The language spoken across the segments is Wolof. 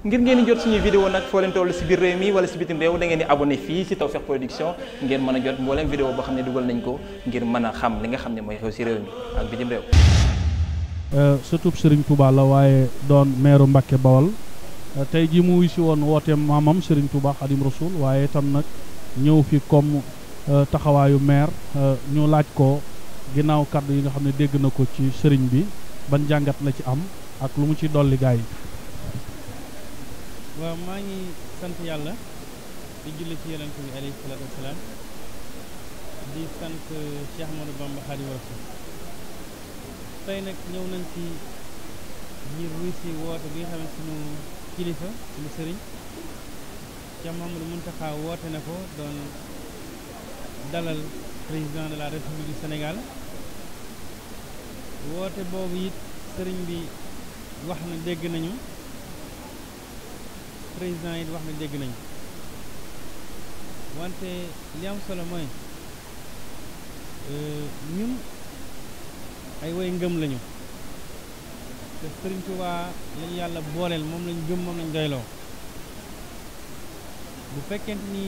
ngir ngeen di jot suñuy vidéo nag foo leen toll si biir réew mi wala si bitim réew da ngeen di abonné fii si Tawfekh Production ngeen mën a jot mbooleem vidéo boo xam ne dugal nañ ko ngir mën a xam li nga xam ne mooy xew si réew mi ak bitim réew euh, surtout Serigne Touba la waaye doon meeru mbakke Bawal euh, tey jii mu wuy si woon woote maamam Serigne Touba Khadim Rasoul waaye itam nag ñëw fi kom euh, taxawaayu maire ñu laaj ko ginnaaw kàddu yi nga xam ne dégg na ko ci sëriñ bi ban jàngat la ci am ak lu mu ci dolli yi waaw maa ngi sant yàlla di julli ci yonent bi alayhi salaatu wasalaam di sant Cheikh Ahmadou Bamba Xaadimu tey nag ñëw nañ ci ngir ruy ci woote bi nga xam ne suñu kilifa suñu sëriñ Cheikh Mouhamadou Mountakha woote na ko doon dalal président de la République du Sénégal woote boobu it sëriñ bi wax na dégg nañu président yi wax na dégg nañu wante li am solomon mooy euh, ñun ay woy ngëm lañu te Sëriñ lañu yàlla booleel moom lañu gëm moom lañu doyloo bu fekkente ni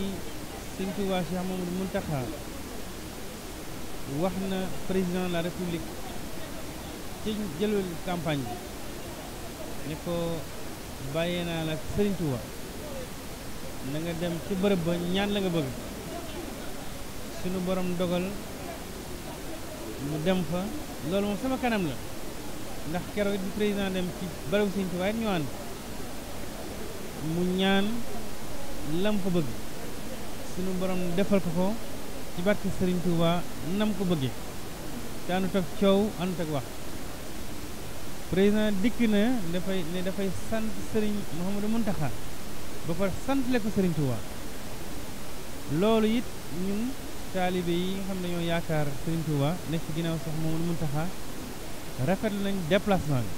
Sëriñ Tuubaa Cheikh Mamadou Muntaxa wax na président la république ci jëlul campagne bi ne ko bàyyee naa la sëriñ Touba nga dem ci bërëb ba ñaan la nga bëgg sunu borom dogal mu dem fa loolu moom sama kanam la ndax keroog it bi président dem ci bërëbu sëriñ Touba it ñu ànd mu ñaan lam ko bëgg suñu borom defal ko ko ci barke sëriñ Touba nam ko bëggee te àndut ak coow àndut ak wax président dikk na dafay ne dafay sant sëriñ Mouhamadou Mountakha ba pare sant le sëriñ Touba loolu it ñun taalibe yi nga xam ne ñoo yaakaar sëriñ Touba nekk ci ginnaaw sax Mouhamadou Mountakha rafetlu nañ déplacement bi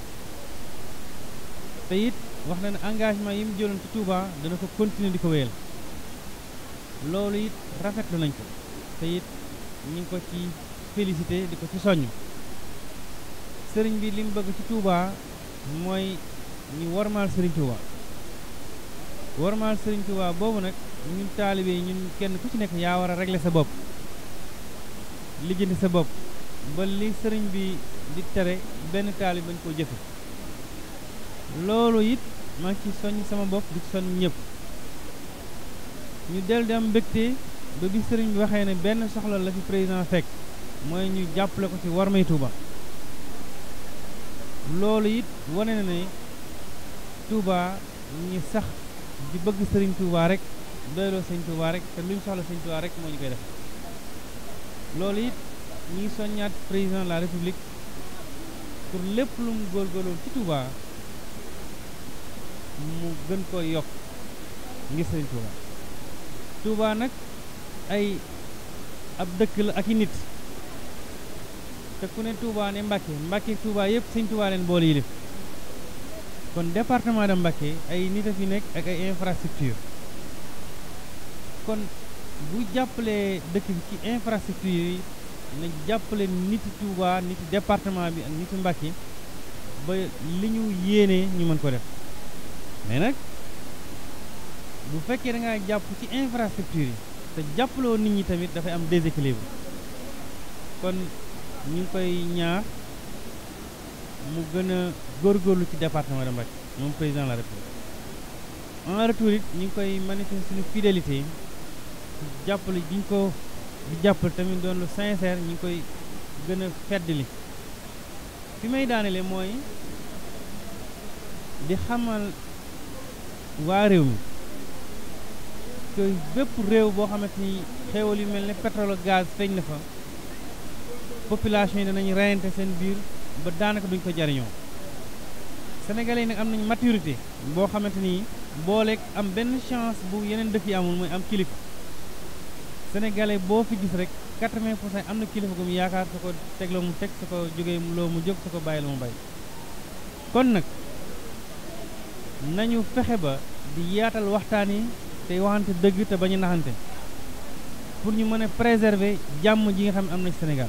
te it wax na ne engagement yi mu jëloon ci Touba dana ko continuer di ko wéyal loolu it rafetlu nañ ko te ñu ngi ko ci félicité di ko ci soññ sëriñ bi lim bëgg ci Touba mooy ñu wormaal sëriñ Touba wormaal sëriñ Touba boobu nag ñun taalibe yi ñun kenn ku ci nekk yaa war a régler sa bopp lijjanti sa bopp ba li sëriñ bi di tere benn taalibe bañ koo jëfe loolu it ma ci soññ sama bopp di ci soññ ñëpp ñu dellu di am mbégte ba bi sëriñ bi waxee ne benn soxla la ci président fekk mooy ñu jàppale ko ci warmay Touba loolu it wane na ne Touba ñi sax di bëgg sëriñ Touba rek doyloo sëriñ Touba rek te luñ soxla sëriñ Touba rek moo ñu koy def loolu it ñi soññaat président la république pour lépp lu mu góorgóorlu ci Touba mu gën ko yokk ngir sëriñ Touba Touba nag ay ab dëkk la ak i nit te ku ne Touba ne Mbacké Mbacké Touba yëpp sëñ Touba leen boole yilif kon département de Mbacké ay nit a fi nekk ak ay infrastructure kon bu jàppalee dëkk bi ci infrastructure yi na jàppale niti Touba niti département bi ak niti Mbacké ba li ñu yéene ñu mën ko def mais nag bu fekkee dangaa jàpp ci infrastructure yi te jàppaloo nit ñi tamit dafay am déséquilibre kon ñu koy ñaar mu gën a góorlu ci département de Mbacké moom président de la République en retour it ñu ngi koy manifester suñu fidélité ci jàppale bi ko di tamit doon lu sincère ñu ngi koy gën a feddali fi may daanele mooy di xamal waa réew mi que bépp réew boo xamante ni xéewal yu mel ni pétrole gaz feeñ na fa population yi danañ reyante seen biir ba daanaka duñ ko jariñoo sénégalais yi nag am nañu maturité boo xamante ni booleeg am benn chance bu yeneen dëkk yi amul mooy am kilifa sénégalais boo fi gis rek 80 pour cent am na kilifa gu mu yaakaar su ko tegloo mu teg su ko jógee loo mu jóg su ko bàyyi la mu bàyyi kon nag nañu fexe ba di yaatal waxtaan yi te waxante dëgg te bañu naxante pour ñu mën a préserver jàmm ji nga xam ne am na ci Sénégal